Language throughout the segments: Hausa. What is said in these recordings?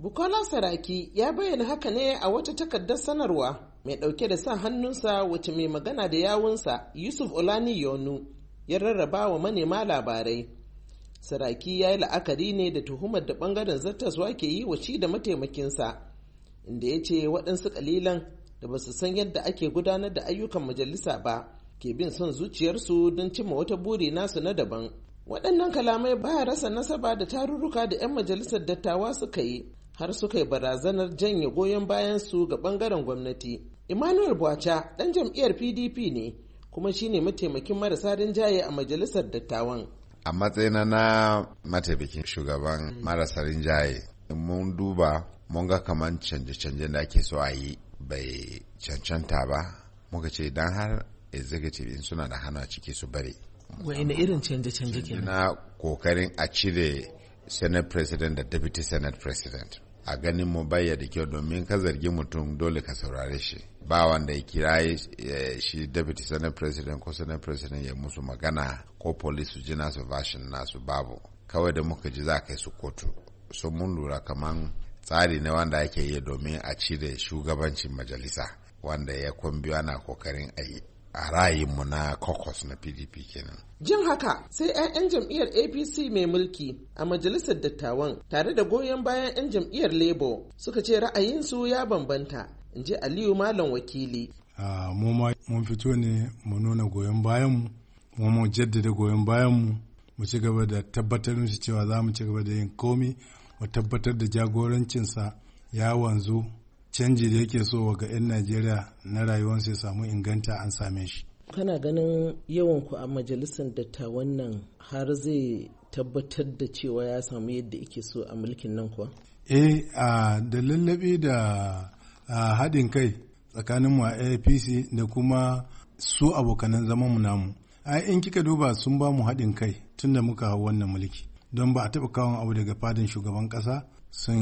Bukola Saraki ya bayyana haka ne a wata takardar sanarwa mai ɗauke da sa hannunsa wacce mai magana da yawunsa Yusuf Olani Yonu ya rarraba wa manema labarai. Saraki ya yi la'akari ne da tuhumar da bangaren zartaswa ke yi wa shi da mataimakinsa, inda ya ce waɗansu ƙalilan da ba su san yadda ake gudanar da ayyukan majalisa ba ke bin son zuciyarsu don cimma wata buri nasu na daban. Waɗannan kalamai ba rasa nasaba da tarurruka da 'yan majalisar dattawa suka yi har suka yi barazanar janye goyon bayan su ga bangaren gwamnati. Emmanuel Bwacha ɗan jam'iyyar PDP ne kuma shine mataimakin marasa rinjaye a majalisar dattawan. A matsayina na mataimakin shugaban mm. marasa rinjaye mun duba mun ga kaman canje-canje da ake so a yi bai cancanta ba muka ce don har executive in suna da hana ciki su bari. Wa'ina irin canje-canje kenan? Na kokarin a cire senate president da deputy senate president. a ganin mu bayya da kyau domin ka zargi mutum dole ka saurare shi ba wanda ya kira eh, shi deputy senate president ko senate president ya musu magana ko police su ji nasu version nasu babu kawai da muka ji za kai su kotu sun mun lura kaman tsari ne wanda ake yi domin a cire shugabancin majalisa wanda ya kumbi ana kokarin a yi a ra'ayinmu na caucus na pdp kenan jin haka sai 'ya'yan jam'iyyar apc mai mulki a majalisar dattawan tare da goyon bayan 'yan jam'iyyar labour suka ce ra'ayinsu ya bambanta in ji aliyu malam wakili mu ma mun fito ne mu nuna goyon bayanmu mu mu jaddada goyon bayanmu mu ci gaba da tabbatar cewa za mu ci gaba da yin komi mu tabbatar da jagorancinsa ya wanzu canji da yake so wa ga 'yan najeriya na rayuwarsa ya samu inganta an same shi kana ganin yawan ku a majalisar dattawan nan har zai tabbatar da cewa ya samu yadda ake so a mulkin nan kuwa eh a da lallabe da haɗin kai tsakanin mu a apc da kuma su abokanan zaman mu namu ai in kika duba sun ba mu haɗin kai tunda muka hau wannan mulki don ba a taɓa kawon abu daga fadin shugaban ƙasa sun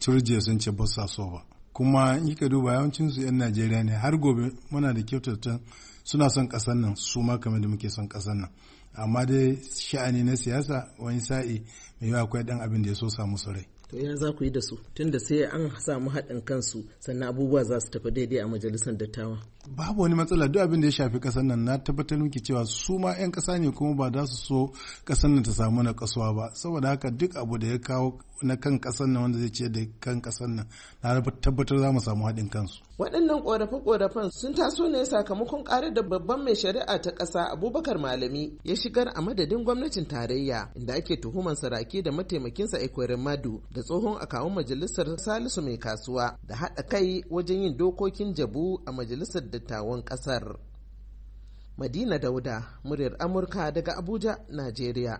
turje sun ce ba so ba kuma in ka duba yawancin su 'yan najeriya ne har gobe muna da kyautata suna son ƙasar nan su ma kamar da muke son ƙasar nan amma dai sha'ani na siyasa wani sa'i mai yawa akwai dan abin da ya so samu su rai to ina za ku yi da su tunda sai an samu haɗin kansu sannan abubuwa za su tafi daidai a majalisar dattawa babu wani matsala duk abin da ya shafi kasar nan na tabbatar miki cewa su ma 'yan ƙasa ne kuma ba za su so kasar nan ta samu na kasuwa ba saboda haka duk abu da ya kawo na kan kasar nan wanda zai ciyar da kan kasar nan na tabbatar za mu samu haɗin kansu waɗannan ƙorafe-ƙorafen sun taso ne sakamakon ƙarar da babban mai shari'a ta ƙasa abubakar malami ya shigar a madadin gwamnatin tarayya inda ake tuhuman saraki da mataimakinsa ikwerin madu da tsohon akawun majalisar salisu mai kasuwa da haɗa kai wajen yin dokokin jabu a majalisar dattawan kasar madina dauda muryar amurka daga abuja najeriya